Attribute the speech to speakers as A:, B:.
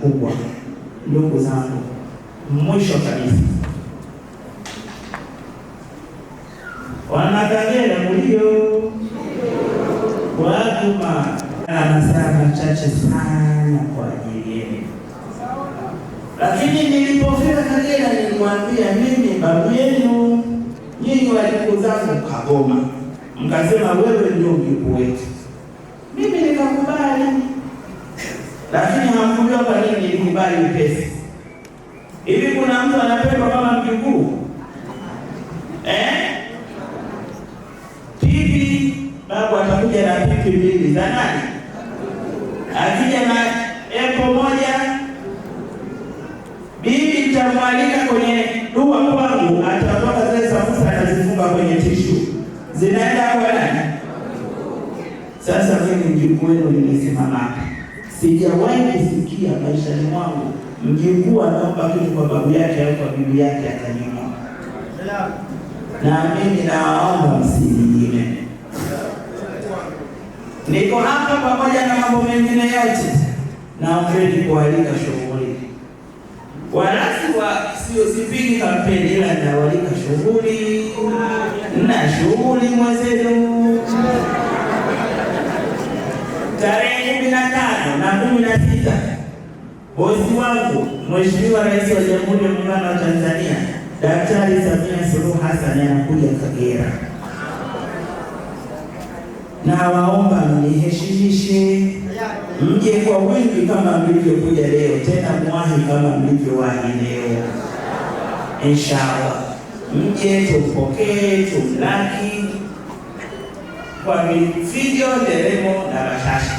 A: kubwa. Ndugu zangu, mwisho kabisa, Wanakagera mlio waguma masaa machache sana kwa ajili yenu, lakini nilipofika Kagera nilimwambia mimi babu yenu nyinyi wajukuu zangu Kagoma, mkasema wewe ndio mjukuu wetu, mimi nikakubali lakini hamkujua kwa nini nilikubali upesi hivi. Kuna mtu anapendwa kama mjukuu eh? Pipi babu atakuja na pipi mbili za nani? Akija na epo moja, bibi nitamwalika kwenye dua kwangu, atatoka zile safusa atazifunga kwenye tishu, zinaenda kwa nani? Sasa mimi mjukuu wenu nimesimama Sijawahi kusikia maishani mwangu mjukuu naomba kitu kwa babu yake au kwa bibi yake atanyima. Na mimi nawaomba Niko hapa pamoja na mambo mengine yote, naombeni kualika shughuli. Warasi wa sio sipingi kampeni, ila nawalika shughuli na shughuli mwezenu iliyopita, bosi wangu Mheshimiwa Rais wa Jamhuri ya Muungano wa Tanzania Daktari Samia Suluhu Hassan anakuja Kagera, na waomba mniheshimishe, mje kwa wingi kama mlivyokuja leo, tena mwahi kama mlivyowahi leo, inshallah. Mje tumpokee, tumlaki kwa vifijo, nderemo na bashasha.